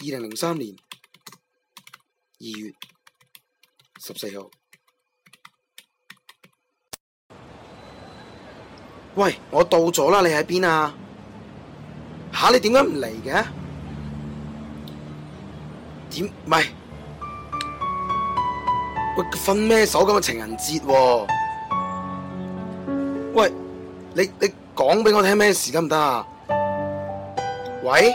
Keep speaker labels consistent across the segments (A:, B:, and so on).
A: 二零零三年二月十四號，喂，我到咗啦，你喺邊啊？吓、啊，你點解唔嚟嘅？點唔係？喂，分咩手咁嘅情人節、啊？喂，你你講俾我聽咩事得唔得啊？喂？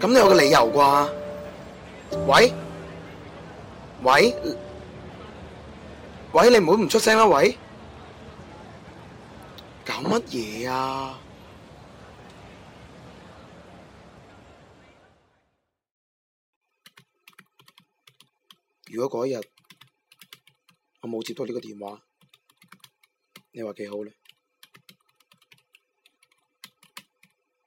A: 咁你有個理由啩？喂喂喂，你唔好唔出聲啦！喂，搞乜嘢啊？如果嗰日我冇接到呢個電話，你話幾好咧？